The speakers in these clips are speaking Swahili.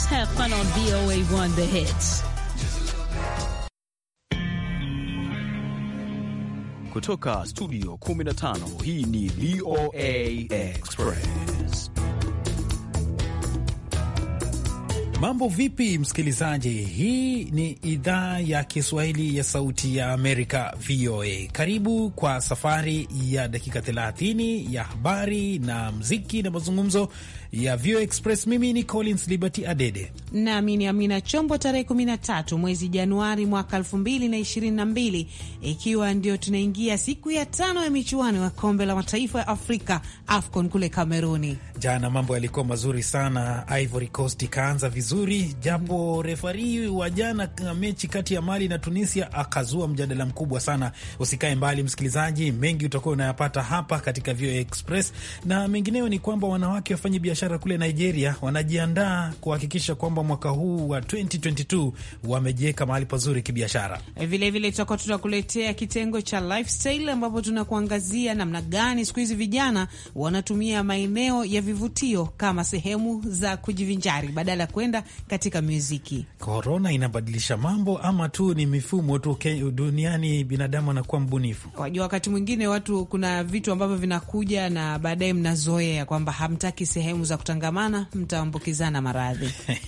Always have fun on VOA1 The Hits. Kutoka studio 15 hii ni VOA Express. Mambo vipi, msikilizaji? Hii ni idhaa ya Kiswahili ya Sauti ya Amerika, VOA. Karibu kwa safari ya dakika 30 ya habari na mziki na mazungumzo ya Vio Express. Mimi ni Collins Liberty Adede nami ni Amina Chombo, tarehe 13 mwezi Januari mwaka 2022 ikiwa ndio tunaingia siku ya tano ya michuano ya kombe la mataifa ya Afrika AFCON kule Kameruni. Jana mambo yalikuwa mazuri sana, Ivory Coast ikaanza vizuri japo mm, refari wa jana uh, mechi kati ya Mali na Tunisia akazua mjadala mkubwa sana. Usikae mbali msikilizaji, mengi utakuwa unayapata hapa katika Vio Express na mengineyo ni kwamba wanawake wafanye biashara biashara kule Nigeria wanajiandaa kuhakikisha kwamba mwaka huu wa 2022 wamejiweka mahali pazuri kibiashara. Vilevile tutakuwa tunakuletea kitengo cha lifestyle, ambapo tunakuangazia namna gani siku hizi vijana wanatumia maeneo ya vivutio kama sehemu za kujivinjari badala ya kwenda katika muziki. Korona inabadilisha mambo ama tu ni mifumo tu duniani, binadamu anakuwa mbunifu. Wajua, wakati mwingine watu kuna vitu ambavyo vinakuja na baadaye mnazoea kwamba hamtaki sehemu za kutangamana, mtaambukizana maradhi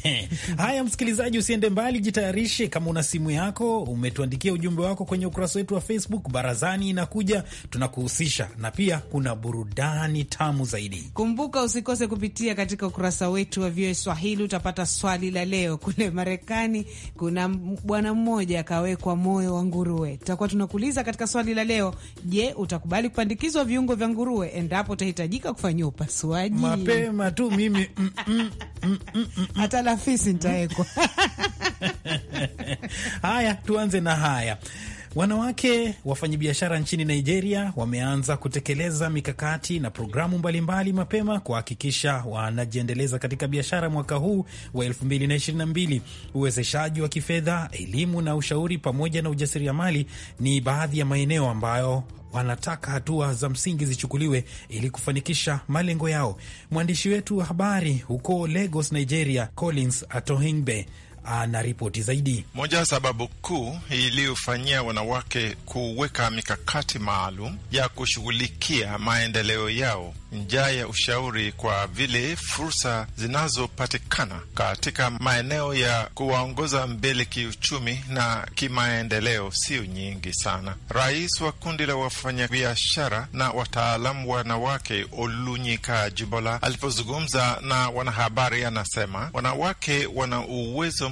haya. Msikilizaji, usiende mbali, jitayarishe. Kama una simu yako, umetuandikia ujumbe wako kwenye ukurasa wetu wa Facebook, barazani inakuja, tunakuhusisha na pia kuna burudani tamu zaidi. Kumbuka usikose kupitia katika ukurasa wetu wa VOA Swahili, utapata swali la leo. Kule Marekani kuna bwana mmoja akawekwa moyo wa nguruwe. Tutakuwa tunakuuliza katika swali la leo, je, utakubali kupandikizwa viungo vya nguruwe endapo utahitajika kufanyia upasuaji mapema tu mimi mm, mm, mm, mm, mm. mm. hata lafisi nitawekwa. Haya, tuanze na haya. Wanawake wafanyabiashara nchini Nigeria wameanza kutekeleza mikakati na programu mbalimbali mbali mapema kuhakikisha wanajiendeleza katika biashara mwaka huu wa 2022. Uwezeshaji wa kifedha, elimu na ushauri pamoja na ujasiriamali ni baadhi ya maeneo ambayo wanataka hatua za msingi zichukuliwe ili kufanikisha malengo yao. Mwandishi wetu wa habari huko Lagos, Nigeria, Collins atohingbe ana ripoti zaidi. Moja ya sababu kuu iliyofanyia wanawake kuweka mikakati maalum ya kushughulikia maendeleo yao njia ya ushauri kwa vile fursa zinazopatikana katika maeneo ya kuwaongoza mbele kiuchumi na kimaendeleo sio nyingi sana. Rais wa kundi la wafanyabiashara na wataalamu wanawake Olunyika Jibola alipozungumza na wanahabari, anasema wanawake wana uwezo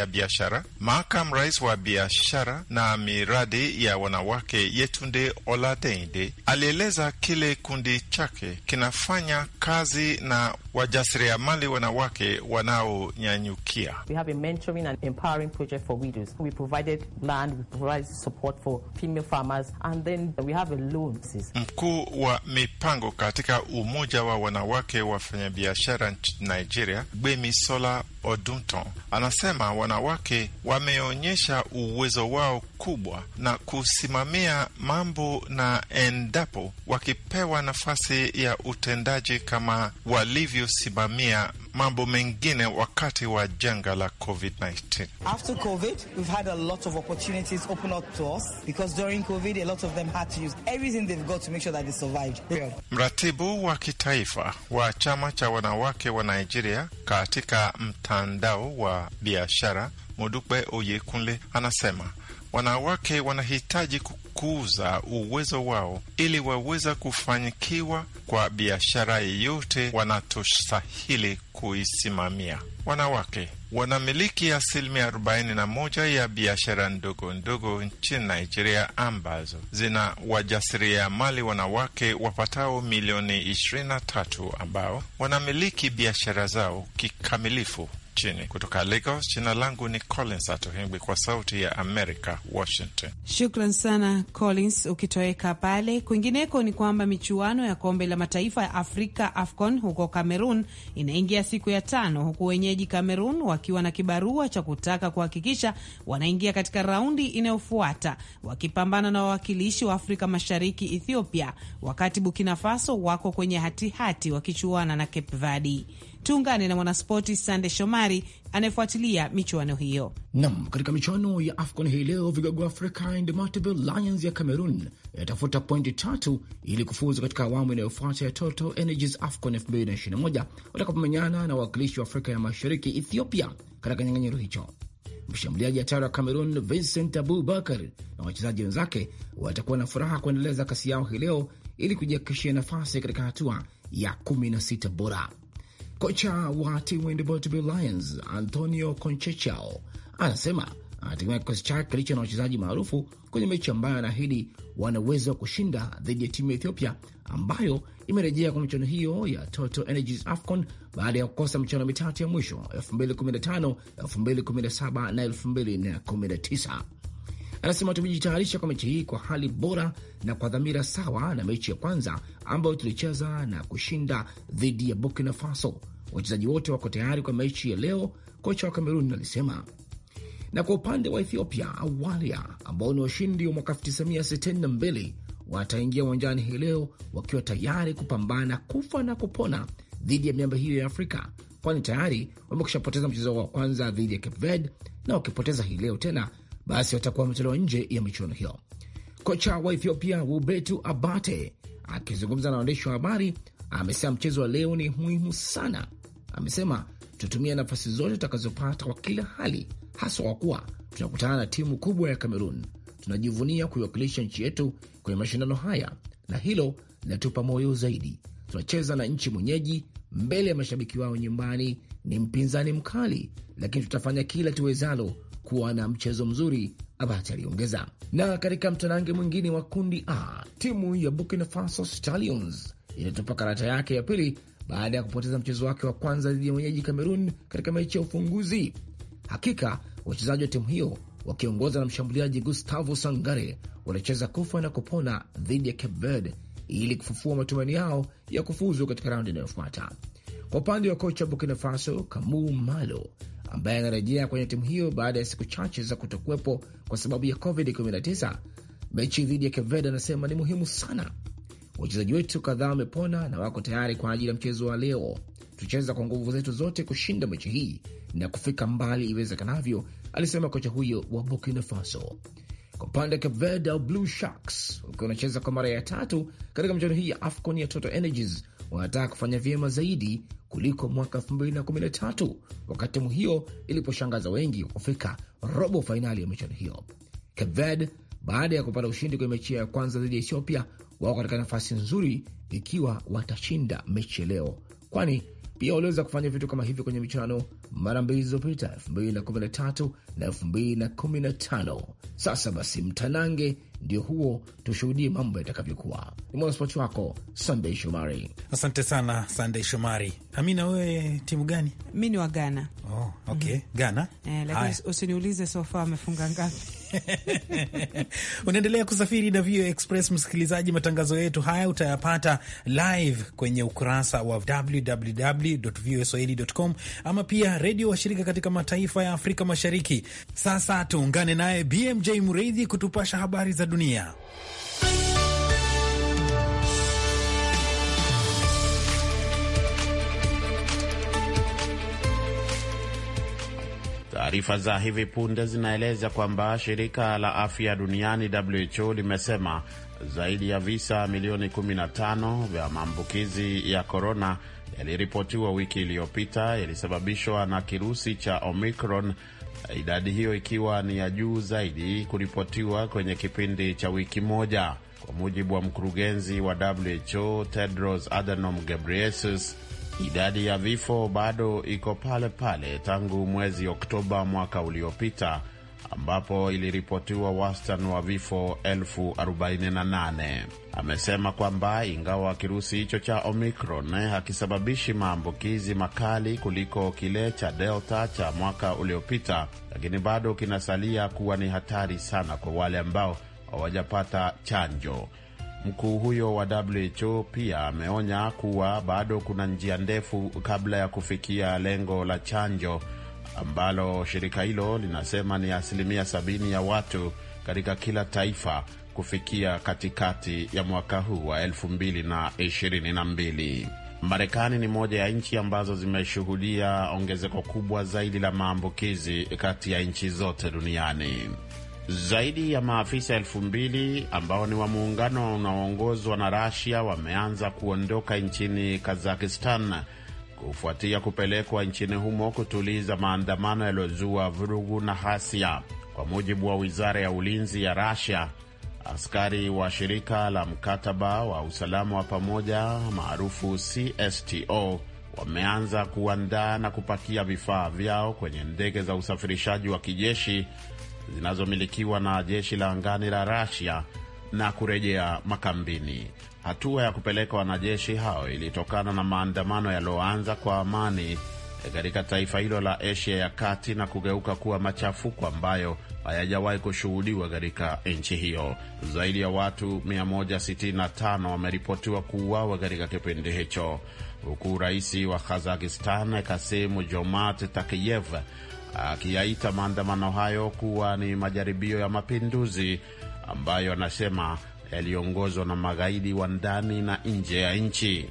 ya biashara, makamu rais wa biashara na miradi ya wanawake Yetunde Oladeinde alieleza kile kundi chake kinafanya kazi na wajasiriamali wanawake wanaonyanyukia. Mkuu wa mipango katika umoja wa wanawake wafanyabiashara nchini Nigeria, Gbemisola Odunton, anasema wanawake wameonyesha uwezo wao kubwa na kusimamia mambo, na endapo wakipewa nafasi ya utendaji kama walivyo walivyosimamia mambo mengine wakati wa janga la COVID-19. After COVID, we've had a lot of opportunities open up to us because during COVID, a lot of them had to use everything they've got to make sure that they survived. Mratibu wa kitaifa wa chama cha wanawake wa Nigeria katika mtandao wa biashara Modupe Oyekunle anasema wanawake wanahitaji kukuza uwezo wao ili waweza kufanyikiwa kwa biashara yeyote wanatostahili kuisimamia. Wanawake wanamiliki asilimia 41 ya biashara ndogo ndogo nchini Nigeria ambazo zina wajasiriamali wanawake wapatao milioni 23 ambao wanamiliki biashara zao kikamilifu nchini. Kutoka Lagos, jina langu ni Collins Atohengwi, kwa Sauti ya America, Washington. Shukran sana Collins. Ukitoweka pale kwingineko, ni kwamba michuano ya kombe la mataifa ya Afrika AFCON huko Cameroon inaingia siku ya tano, huku wenyeji Cameroon wakiwa na kibarua cha kutaka kuhakikisha wanaingia katika raundi inayofuata, wakipambana na wawakilishi wa Afrika Mashariki Ethiopia, wakati Burkina Faso wako kwenye hatihati wakichuana na Cape Verde. Tuungane na mwanaspoti Sande Shomari anayefuatilia michuano hiyo. Nam, katika michuano ya AFCON hii leo, vigogo Afrika Indomitable Lions ya Cameroon inatafuta pointi tatu ili kufuzu katika awamu inayofuata ya Total Energies AFCON 2021 watakapomenyana na wawakilishi wa Afrika ya Mashariki, Ethiopia, katika nyang'anyiro hicho. Mshambuliaji hatari wa Cameroon Vincent Abubakar na wachezaji wenzake watakuwa na furaha kuendeleza kasi yao hii leo ili kujihakikishia nafasi katika hatua ya 16 bora. Kocha wa timu ya Indomitable Lions Antonio Conchechao anasema anategemea kikosi chake kilicho na wachezaji maarufu kwenye mechi ambayo anaahidi wana uwezo wa kushinda dhidi ya timu ya Ethiopia ambayo imerejea kwa michuano hiyo ya Total Energies AFCON baada ya kukosa michuano mitatu ya mwisho 2015, 2017 na 2019. Anasema tumejitayarisha kwa mechi hii kwa hali bora na kwa dhamira sawa na mechi ya kwanza ambayo tulicheza na kushinda dhidi ya Burkina Faso wachezaji wote wako tayari kwa mechi ya leo, kocha wa Kamerun alisema. Na kwa upande wa Ethiopia au Walia, ambao ni washindi wa mwaka 1962 wataingia uwanjani hii leo wakiwa tayari kupambana kufa na kupona dhidi ya miamba hiyo ya Afrika, kwani tayari wamekushapoteza mchezo wa kwanza dhidi ya Cape Verde, na wakipoteza hii leo tena basi watakuwa wametolewa nje ya michuano hiyo. Kocha wa Ethiopia Wubetu Abate akizungumza na waandishi wa habari amesema mchezo wa leo ni muhimu sana Amesema tutatumia nafasi zote tutakazopata kwa kila hali, haswa kwa kuwa tunakutana na timu kubwa ya Kamerun. Tunajivunia kuiwakilisha nchi yetu kwenye mashindano haya, na hilo linatupa moyo zaidi. Tunacheza na nchi mwenyeji mbele ya mashabiki wao nyumbani. Ni mpinzani mkali, lakini tutafanya kila tuwezalo kuwa na mchezo mzuri, Abati aliongeza. Na katika mtanange mwingine wa kundi A, timu ya Burkina Faso Stallions inatupa karata yake ya pili baada ya kupoteza mchezo wake wa kwanza dhidi ya mwenyeji Kamerun katika mechi ya ufunguzi. Hakika wachezaji wa timu hiyo wakiongoza na mshambuliaji Gustavo Sangare walicheza kufa na kupona dhidi ya Cape Verde ili kufufua matumaini yao ya kufuzu katika raundi inayofuata. Kwa upande wa kocha Burkina Faso Kamu Malo ambaye anarejea kwenye timu hiyo baada ya siku chache za kutokuwepo kwa sababu ya COVID-19, mechi dhidi ya Cape Verde anasema ni muhimu sana Wachezaji wetu kadhaa wamepona na wako tayari kwa ajili ya mchezo wa leo. Tucheza kwa nguvu zetu zote kushinda mechi hii na kufika mbali iwezekanavyo, alisema kocha huyo wa Burkina Faso. Kwa upande wa Cape Verde au Blue Sharks, wakiwa wanacheza kwa mara ya tatu katika michuano hii ya AFCON ya Total Energies, wanataka kufanya vyema zaidi kuliko mwaka 2013 wakati timu hiyo iliposhangaza wengi kwa kufika robo fainali ya michuano hiyo. Cape Verde baada ya kupata ushindi kwenye mechi ya kwanza dhidi ya Ethiopia wao katika nafasi nzuri ikiwa watashinda mechi ya leo, kwani pia waliweza kufanya vitu kama hivyo kwenye michano mara mbili zilizopita, 213 na 215 Sasa basi mtanange ndio huo, tushuhudie mambo yatakavyokuwa. Ni mwanaspoti wako Sandey Shomari. Asante sana Sandey Shomari. Amina, wewe timu gani? Mi ni wa Ghana. Oh, okay. mm -hmm. Ghana eh, lakini usiniulize sofa amefunga ngapi? Unaendelea kusafiri na VOA Express, msikilizaji. Matangazo yetu haya utayapata live kwenye ukurasa wa www www.voaswahili.com ama pia redio washirika katika mataifa ya Afrika Mashariki. Sasa tuungane naye BMJ Mureithi kutupasha habari za dunia. Taarifa za hivi punde zinaeleza kwamba shirika la afya duniani WHO limesema zaidi ya visa milioni 15 vya maambukizi ya korona yaliripotiwa wiki iliyopita, yalisababishwa na kirusi cha Omicron idadi hiyo ikiwa ni ya juu zaidi kuripotiwa kwenye kipindi cha wiki moja, kwa mujibu wa mkurugenzi wa WHO Tedros Adhanom Ghebreyesus. Idadi ya vifo bado iko pale pale tangu mwezi Oktoba mwaka uliopita ambapo iliripotiwa wastani wa vifo elfu 48. Amesema kwamba ingawa kirusi hicho cha Omicron hakisababishi maambukizi makali kuliko kile cha Delta cha mwaka uliopita, lakini bado kinasalia kuwa ni hatari sana kwa wale ambao hawajapata chanjo. Mkuu huyo wa WHO pia ameonya kuwa bado kuna njia ndefu kabla ya kufikia lengo la chanjo ambalo shirika hilo linasema ni asilimia sabini ya watu katika kila taifa kufikia katikati ya mwaka huu wa mbili. Marekani ni moja ya nchi ambazo zimeshuhudia ongezeko kubwa zaidi la maambukizi kati ya nchi zote duniani. Zaidi ya maafisa elfu mbili ambao ni wa muungano unaoongozwa na Rasia wameanza kuondoka nchini Kazakistan kufuatia kupelekwa nchini humo kutuliza maandamano yaliyozua vurugu na ghasia. Kwa mujibu wa wizara ya ulinzi ya rasia askari wa shirika la mkataba wa usalama wa pamoja maarufu CSTO wameanza kuandaa na kupakia vifaa vyao kwenye ndege za usafirishaji wa kijeshi zinazomilikiwa na jeshi la angani la rasia na kurejea makambini. Hatua ya kupeleka wanajeshi hao ilitokana na maandamano yaliyoanza kwa amani katika taifa hilo la Asia ya kati na kugeuka kuwa machafuko ambayo hayajawahi kushuhudiwa katika nchi hiyo. Zaidi ya watu 165 wameripotiwa kuuawa katika kipindi hicho, huku rais wa Kazakistan Kasimu Jomart Takiyev akiyaita maandamano hayo kuwa ni majaribio ya mapinduzi ambayo anasema yaliongozwa na magaidi wa ndani na nje ya nchi.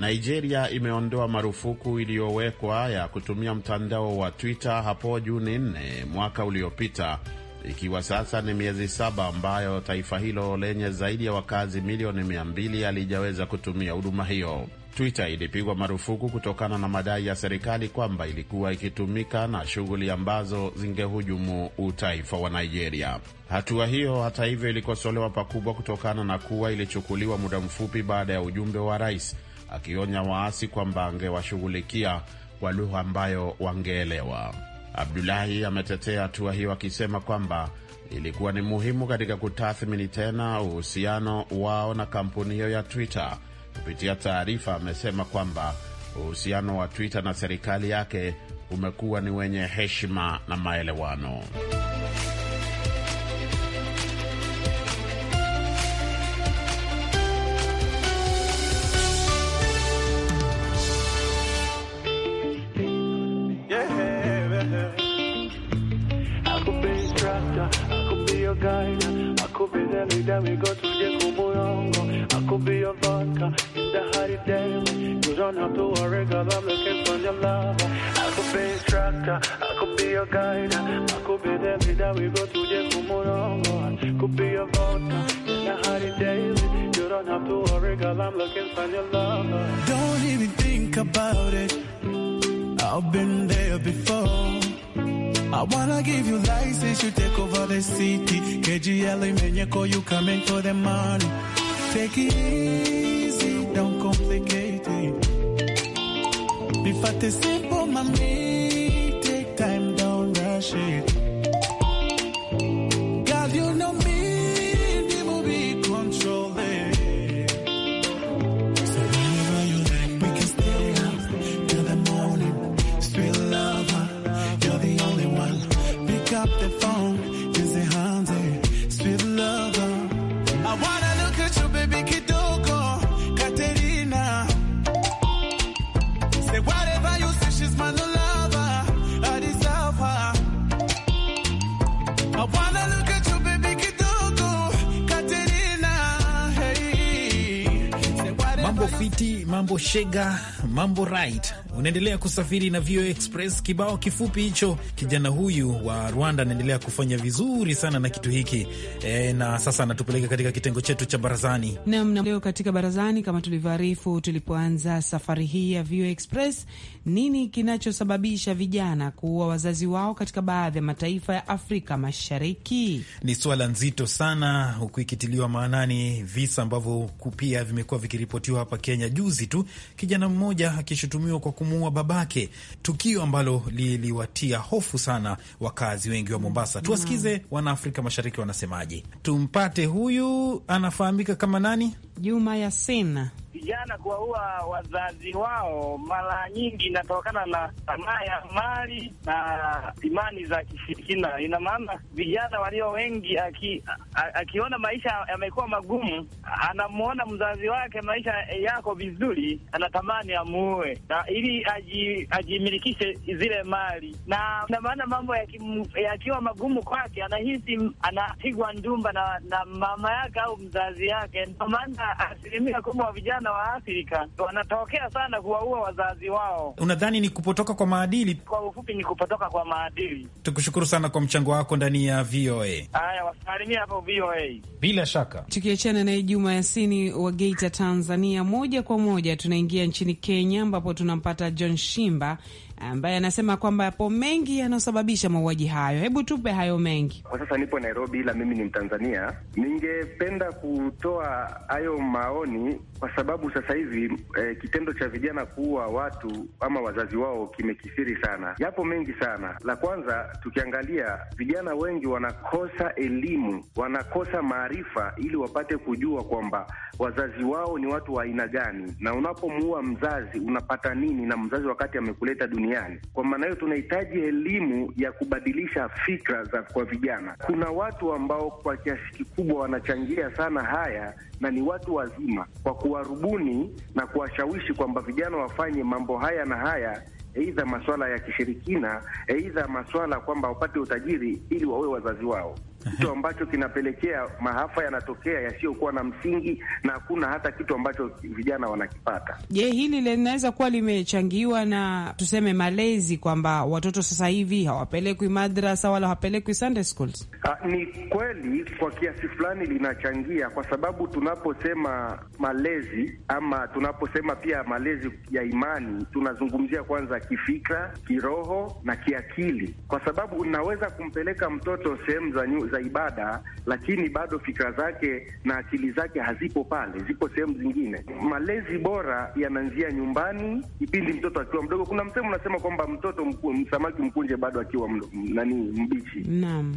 Nigeria imeondoa marufuku iliyowekwa ya kutumia mtandao wa Twitter hapo Juni 4 mwaka uliopita, ikiwa sasa ni miezi saba ambayo taifa hilo lenye zaidi ya wakazi milioni mia alijaweza kutumia huduma hiyo. Twitter ilipigwa marufuku kutokana na madai ya serikali kwamba ilikuwa ikitumika na shughuli ambazo zingehujumu utaifa wa Nigeria. Hatua hiyo hata hivyo, ilikosolewa pakubwa kutokana na kuwa ilichukuliwa muda mfupi baada ya ujumbe wa rais akionya waasi kwamba angewashughulikia kwa lugha ambayo wangeelewa. Abdulahi ametetea hatua hiyo akisema kwamba ilikuwa ni muhimu katika kutathmini tena uhusiano wao na kampuni hiyo ya Twitter Kupitia taarifa, amesema kwamba uhusiano wa Twitter na serikali yake umekuwa ni wenye heshima na maelewano. girl, I'm looking for your love. Don't even think about it. I've been there before. I wanna give you license, you take over the city. KGL, Menyako, you coming for the money. Take it easy, don't complicate it. Be fat simple, mommy. Take time, don't rush it. Graffiti mambo shega, mambo right. Unaendelea kusafiri na VOA Express. Kibao kifupi hicho, kijana huyu wa Rwanda anaendelea kufanya vizuri sana na kitu hiki e, na sasa anatupeleka katika kitengo chetu cha barazani nam. Leo katika barazani, kama tulivyoarifu tulipoanza safari hii ya VOA Express, nini kinachosababisha vijana kuua wazazi wao katika baadhi ya mataifa ya Afrika Mashariki? Ni swala nzito sana, huku ikitiliwa maanani visa ambavyo pia vimekuwa vikiripotiwa hapa Kenya juzi juzi tu, kijana mmoja akishutumiwa kwa kumuua babake, tukio ambalo liliwatia hofu sana wakazi wengi wa Mombasa. Mm. Tuwasikize Wanaafrika Mashariki wanasemaje. Tumpate huyu, anafahamika kama nani? Juma Yasin vijana kuwaua wazazi wao mara nyingi inatokana na tamaa ya mali na imani za kishirikina. Ina maana vijana walio wengi aki, a, akiona maisha yamekuwa magumu, anamwona mzazi wake maisha yako vizuri, anatamani amuue na ili aji, ajimilikishe zile mali, na ina maana mambo yakiwa ya magumu kwake, anahisi anapigwa ndumba na, na mama yake au mzazi yake. Ndio maana asilimia kubwa wa vijana sana wa Afrika wanatokea sana kuwaua wazazi wao. Unadhani ni kupotoka kwa maadili? Kwa ufupi, ni kupotoka kwa maadili. Tukushukuru sana kwa mchango wako ndani ya VOA. Haya, wasalimia hapo VOA. Bila shaka tukiachana naye Juma Yasini wa Geita, Tanzania, moja kwa moja tunaingia nchini Kenya ambapo tunampata John Shimba ambaye anasema kwamba yapo mengi yanayosababisha mauaji hayo. Hebu tupe hayo mengi. Kwa sasa nipo Nairobi, ila mimi ni Mtanzania. Ningependa kutoa hayo maoni kwa sababu sasa hivi eh, kitendo cha vijana kuua watu ama wazazi wao kimekithiri sana. Yapo mengi sana. La kwanza, tukiangalia vijana wengi wanakosa elimu, wanakosa maarifa ili wapate kujua kwamba wazazi wao ni watu wa aina gani, na unapomuua mzazi unapata nini na mzazi wakati amekuleta dunia duniani. Kwa maana hiyo, tunahitaji elimu ya kubadilisha fikra za kwa vijana. Kuna watu ambao kwa kiasi kikubwa wanachangia sana haya na ni watu wazima, kwa kuwarubuni na kuwashawishi kwamba vijana wafanye mambo haya na haya eidha maswala ya kishirikina, eidha maswala kwamba wapate utajiri ili wawe wazazi wao kitu ambacho kinapelekea maafa yanatokea yasiyokuwa na msingi, na hakuna hata kitu ambacho vijana wanakipata. Je, hili linaweza kuwa limechangiwa na tuseme malezi, kwamba watoto sasa hivi hawapelekwi madrasa wala hawapelekwi Sunday schools? A, ah, ni kweli kwa kiasi fulani linachangia, kwa sababu tunaposema malezi ama tunaposema pia malezi ya imani, tunazungumzia kwanza kifikra, kiroho na kiakili, kwa sababu unaweza kumpeleka mtoto sehemu za za ibada, lakini bado fikra zake na akili zake hazipo pale, zipo sehemu zingine. Malezi bora yanaanzia nyumbani, kipindi mtoto akiwa mdogo. Kuna msemo unasema kwamba mtoto mku, msamaki mkunje bado akiwa nani mbichi. Naam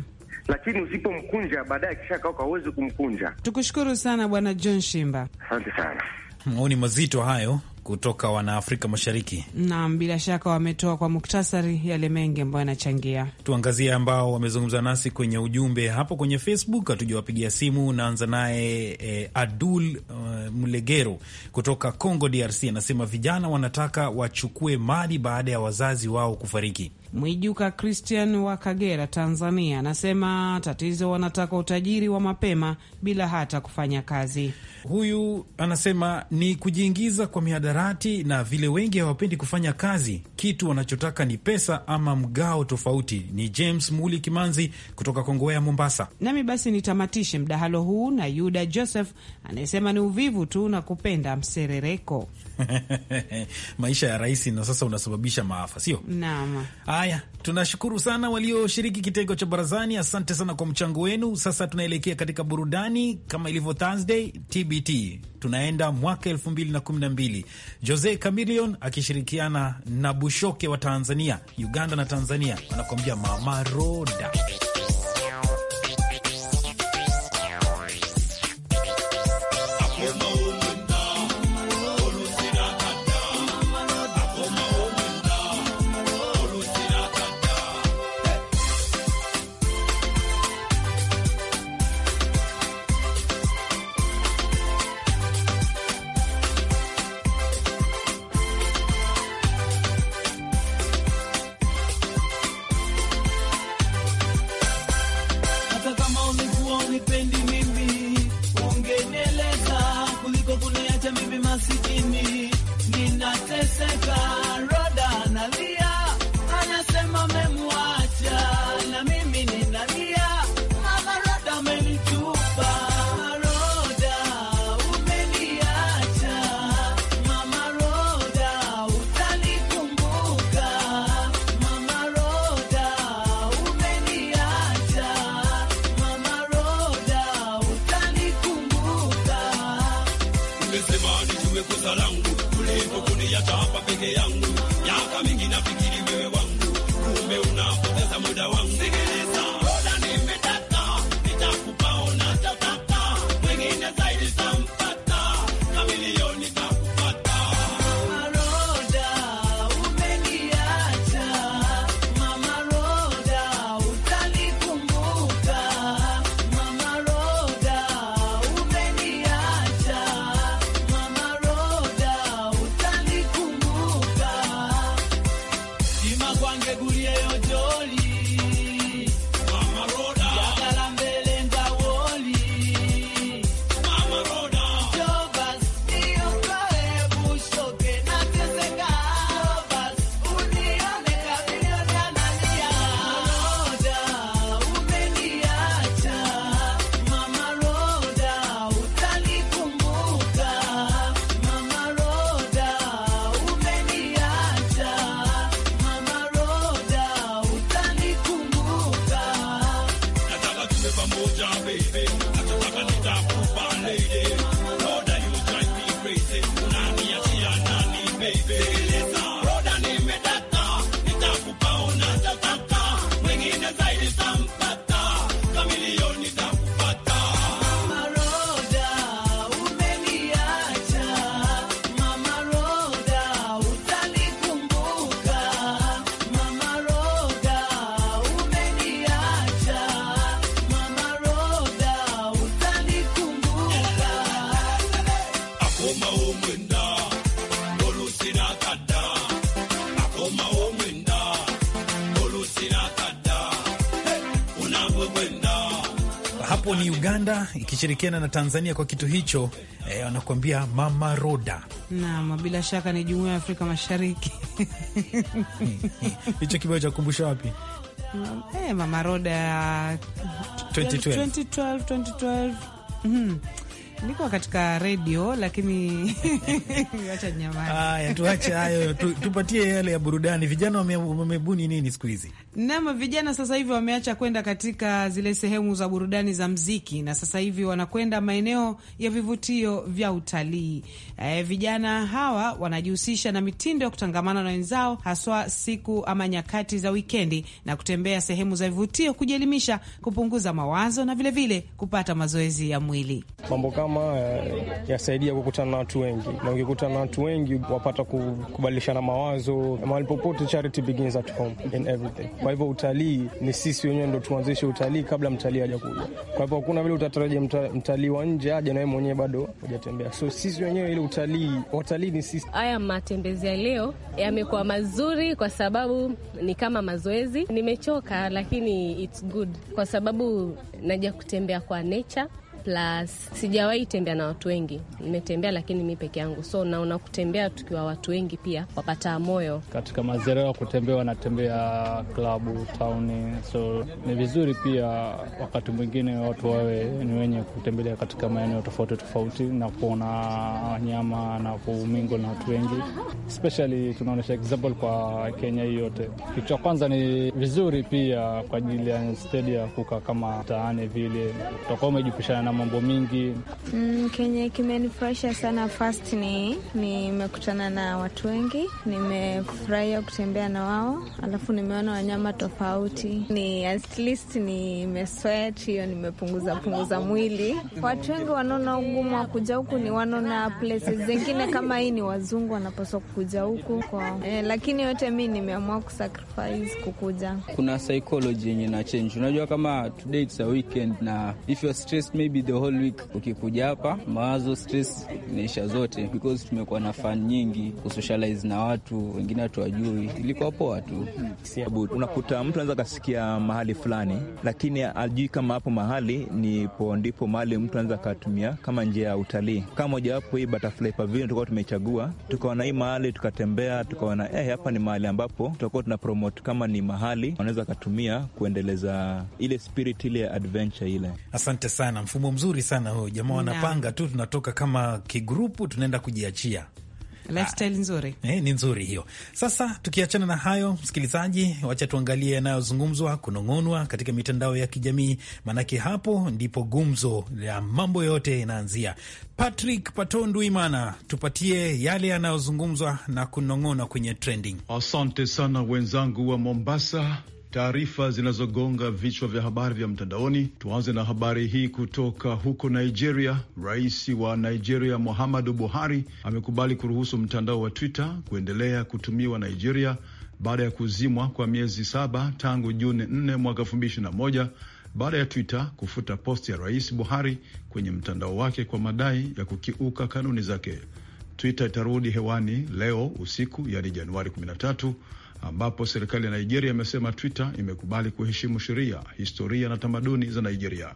lakini usipomkunja baadaye akishakauka huwezi kumkunja. Tukushukuru sana Bwana John Shimba, asante sana. Maoni mazito hayo kutoka wanaafrika mashariki. Naam, bila shaka wametoa kwa muktasari yale mengi ambayo yanachangia. Tuangazie ambao wamezungumza nasi kwenye ujumbe hapo kwenye Facebook, hatujawapigia simu. Naanza naye eh, Adul uh, eh, Mlegero kutoka Congo DRC anasema vijana wanataka wachukue mali baada ya wazazi wao kufariki. Mwijuka Christian wa Kagera, Tanzania, anasema tatizo wanataka utajiri wa mapema bila hata kufanya kazi. Huyu anasema ni kujiingiza kwa mihadarati, na vile wengi hawapendi kufanya kazi, kitu wanachotaka ni pesa ama mgao tofauti. Ni James Muli Kimanzi kutoka Kongowea, Mombasa. Nami basi nitamatishe mdahalo huu na Yuda Joseph anayesema ni uvivu tu na kupenda mserereko. maisha ya rais na sasa unasababisha maafa, sio? Naam. Haya, tunashukuru sana walioshiriki kitengo cha barazani, asante sana kwa mchango wenu. Sasa tunaelekea katika burudani kama ilivyo Thursday TBT, tunaenda mwaka elfu mbili na kumi na mbili Jose Camilion akishirikiana na Bushoke wa Tanzania, Uganda na Tanzania wanakuambia Mama Roda. miaka mingi nafikiri wewe wangu, kumbe una Uganda ikishirikiana na Tanzania kwa kitu hicho eh, wanakuambia mama Roda. nam, bila shaka ni jumuiya ya Afrika Mashariki. hicho kibao cha kukumbusha wapi? Hey, eh, mama Roda 2012, 2012, 2012. Mm -hmm niko katika redio lakini acha nyamani. Haya, tuache hayo, tupatie yale ya burudani. Vijana wamebuni nini siku hizi? Naam, vijana sasa hivi wameacha kwenda katika zile sehemu za burudani za mziki, na sasa hivi wanakwenda maeneo ya vivutio vya utalii. E, vijana hawa wanajihusisha na mitindo ya kutangamana na wenzao, haswa siku ama nyakati za wikendi, na kutembea sehemu za vivutio, kujielimisha, kupunguza mawazo na vilevile vile kupata mazoezi ya mwili. Mambo kama kama eh, yasaidia kukutana na watu wengi, na ukikutana na watu wengi wapata kubadilishana mawazo mahali popote. Charity begins at home in everything. Kwa hivyo utalii ni sisi wenyewe ndo tuanzishe utalii kabla mtalii hajakuja. Kwa hivyo hakuna vile utatarajia mta, mtalii wa nje aje naye mwenyewe bado hujatembea, so sisi wenyewe ile utalii, watalii ni sisi. Haya matembezi ya leo yamekuwa mazuri kwa sababu ni kama mazoezi. Nimechoka lakini it's good kwa sababu naja kutembea kwa nature plus sijawahi tembea na watu wengi, nimetembea lakini mi peke yangu, so naona kutembea tukiwa watu wengi pia wapata moyo. Katika mazingira ya kutembea, wanatembea klabu, tauni, so ni vizuri pia wakati mwingine watu wawe ni wenye kutembelea katika maeneo tofauti tofauti na kuona wanyama na kumingo na watu wengi, especially tunaonyesha example kwa Kenya hii yote. Kitu cha kwanza ni vizuri pia kwa ajili ya stedi ya kuka kama mtaani vile utakuwa umejupishana na mambo mingi mm. Kenye kimenifurahisha sana first ni nimekutana na watu wengi, nimefurahia kutembea na wao, alafu nimeona wanyama tofauti, ni at least nimesweat, hiyo nimepunguza punguza mwili. Watu wengi wanaona ugumu wa kuja huku, ni wanaona places zingine kama hii ni wazungu wanapaswa kukuja huku kwa eh, lakini yote mi nimeamua kusacrifice kukuja. Kuna psychology yenye na change, unajua kama today it's a weekend na if you're stressed maybe the whole week. Ukikuja hapa mawazo, stress inaisha zote, because tumekuwa na fan nyingi kusocialize na watu wengine, hatuwajui. Ilikuwa poa tu. Unakuta mtu anaweza akasikia mahali fulani, lakini ajui kama hapo mahali nipo ndipo mahali mtu anaweza akatumia kama njia ya utalii. Kama mojawapo hii Butterfly Pavilion tukawa tumechagua, tukaona hii mahali, tukatembea, tukaona eh, hapa ni mahali ambapo tutakuwa tuna promote kama ni mahali wanaweza akatumia kuendeleza ile spirit ile adventure ile. Asante sana mfumo mzuri sana huyo jamaa, wanapanga tu, tunatoka kama kigrupu, tunaenda kujiachia lifestyle nzuri. Ah, eh, ni nzuri hiyo. Sasa tukiachana na hayo, msikilizaji, wacha tuangalie yanayozungumzwa kunong'onwa katika mitandao ya kijamii, maanake hapo ndipo gumzo ya mambo yote inaanzia. Patrick Pato tupatie yale yanayozungumzwa na kunong'onwa kwenye trending. Asante sana wenzangu wa Mombasa taarifa zinazogonga vichwa vya habari vya mtandaoni. Tuanze na habari hii kutoka huko Nigeria. Rais wa Nigeria Muhammadu Buhari amekubali kuruhusu mtandao wa Twitter kuendelea kutumiwa Nigeria baada ya kuzimwa kwa miezi saba tangu Juni 4 mwaka 2021 baada ya Twitter kufuta posti ya Rais Buhari kwenye mtandao wake kwa madai ya kukiuka kanuni zake. Twitter itarudi hewani leo usiku, yani Januari ambapo serikali ya Nigeria imesema Twitter imekubali kuheshimu sheria, historia na tamaduni za Nigeria.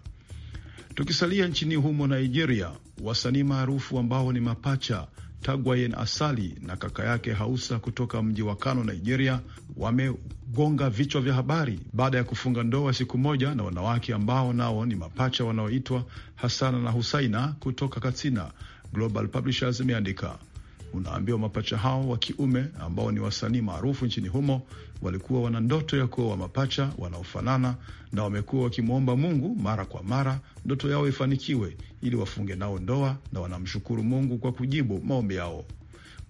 Tukisalia nchini humo Nigeria, wasanii maarufu ambao ni mapacha Tagwayen Asali na kaka yake Hausa kutoka mji wa Kano, Nigeria, wamegonga vichwa vya habari baada ya kufunga ndoa siku moja na wanawake ambao nao ni mapacha wanaoitwa Hasana na Husaina kutoka Katsina, Global Publishers imeandika unaambiwa mapacha hao wa kiume ambao ni wasanii maarufu nchini humo walikuwa wana ndoto ya kuoa mapacha wanaofanana na wamekuwa wakimwomba Mungu mara kwa mara ndoto yao ifanikiwe ili wafunge nao ndoa, na wanamshukuru Mungu kwa kujibu maombi yao.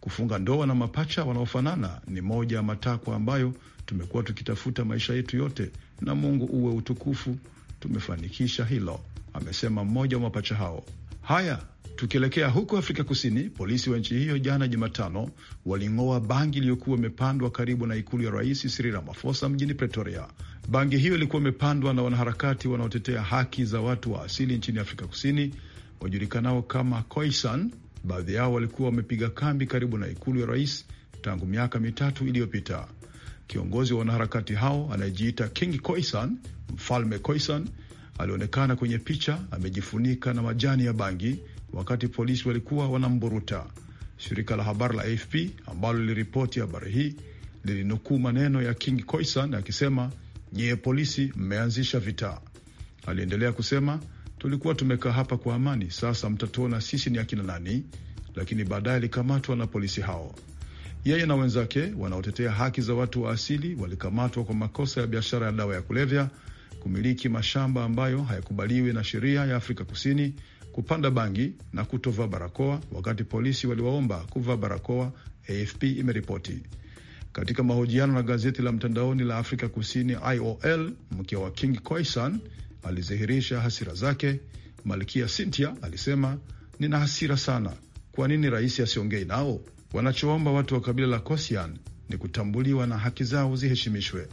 Kufunga ndoa na mapacha wanaofanana ni moja ya matakwa ambayo tumekuwa tukitafuta maisha yetu yote, na Mungu uwe utukufu, tumefanikisha hilo, amesema mmoja wa mapacha hao. Haya, Tukielekea huko Afrika Kusini, polisi wa nchi hiyo jana Jumatano waling'oa bangi iliyokuwa imepandwa karibu na ikulu ya rais Cyril Ramaphosa mjini Pretoria. Bangi hiyo ilikuwa imepandwa na wanaharakati wanaotetea haki za watu wa asili nchini Afrika Kusini wajulikanao kama Khoisan. Baadhi yao walikuwa wamepiga kambi karibu na ikulu ya rais tangu miaka mitatu iliyopita. Kiongozi wa wanaharakati hao anayejiita King Khoisan, mfalme Khoisan, alionekana kwenye picha amejifunika na majani ya bangi wakati polisi walikuwa wanamburuta. Shirika la habari la AFP ambalo liliripoti habari hii lilinukuu maneno ya King Koisan akisema, nyiye polisi mmeanzisha vita. Aliendelea kusema, tulikuwa tumekaa hapa kwa amani, sasa mtatuona sisi ni akina nani. Lakini baadaye alikamatwa na polisi hao. Yeye na wenzake wanaotetea haki za watu wa asili walikamatwa kwa makosa ya biashara ya dawa ya kulevya, kumiliki mashamba ambayo hayakubaliwi na sheria ya Afrika Kusini kupanda bangi na kutovaa barakoa, wakati polisi waliwaomba kuvaa barakoa, AFP imeripoti. Katika mahojiano na gazeti la mtandaoni la Afrika Kusini IOL, mke wa King Koisan alizihirisha hasira zake. Malkia Cynthia alisema, nina hasira sana. Kwa nini rais asiongei nao? Wanachoomba watu wa kabila la Kosian ni kutambuliwa na haki zao ziheshimishwe.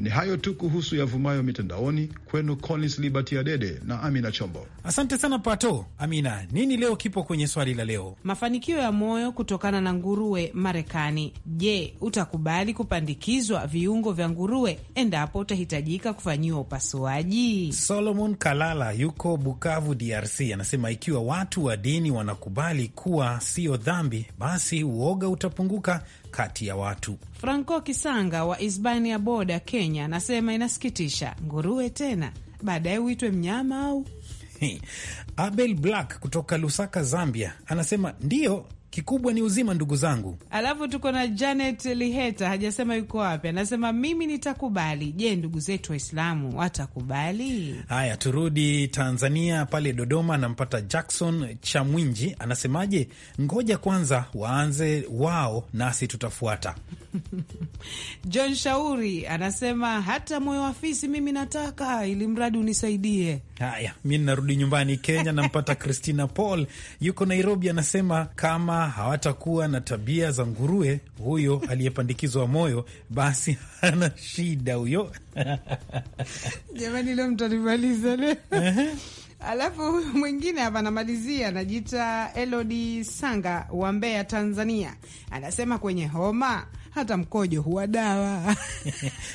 Ni hayo tu kuhusu yavumayo mitandaoni. Kwenu Collins Liberty Adede na Amina Chombo. Asante sana Pato. Amina, nini leo kipo kwenye swali la leo? Mafanikio ya moyo kutokana na nguruwe Marekani. Je, utakubali kupandikizwa viungo vya nguruwe endapo utahitajika kufanyiwa upasuaji? Solomon Kalala yuko Bukavu, DRC, anasema ikiwa watu wa dini wanakubali kuwa sio dhambi, basi uoga utapunguka kati ya watu. Franco Kisanga wa Isbania Boda, Kenya, anasema inasikitisha, nguruwe tena baadaye uitwe mnyama au Abel Black kutoka Lusaka, Zambia, anasema ndiyo, Kikubwa ni uzima, ndugu zangu. Alafu tuko na Janet Liheta, hajasema yuko wapi, anasema mimi nitakubali. Je, ndugu zetu Waislamu watakubali? Haya, turudi Tanzania, pale Dodoma anampata Jackson Chamwinji, anasemaje? Ngoja kwanza waanze wao, nasi tutafuata. John Shauri anasema hata moyo wa fisi mimi nataka, ili mradi unisaidie. Haya, mi narudi nyumbani Kenya, nampata Christina Paul, yuko Nairobi, anasema kama hawatakuwa na tabia za nguruwe, huyo aliyepandikizwa moyo, basi hana shida huyo. Jamani, leo mtu alimaliza leo. Alafu huyu mwingine hapa anamalizia, anajiita Elodi Sanga wa Mbeya, Tanzania, anasema kwenye homa hata mkojo huwa dawa.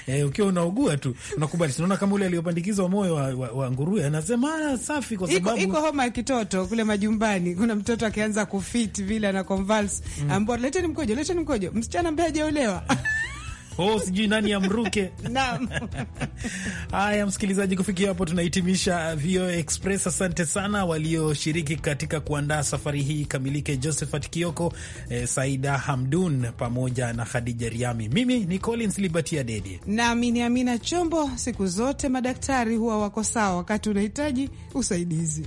Eh, ukiwa unaugua tu unakubali. Sinaona kama ule aliyopandikizwa moyo wa, wa, wa nguruwe anasema ah, safi, kwa sababu iko homa ya kitoto kule majumbani. Kuna mtoto akianza kufit vile ana convulse, mm. ambao leteni mkojo, leteni mkojo, msichana ambaye hajaolewa oh, sijui nani amruke. Naam, haya msikilizaji, kufikia hapo tunahitimisha VOA Express. Asante sana walioshiriki katika kuandaa safari hii kamilike: Josephat Kioko, eh, Saida Hamdun pamoja na Khadija Riami. Mimi ni Collins Libatia Dedi nami ni Amina Chombo. Siku zote madaktari huwa wako sawa wakati unahitaji usaidizi.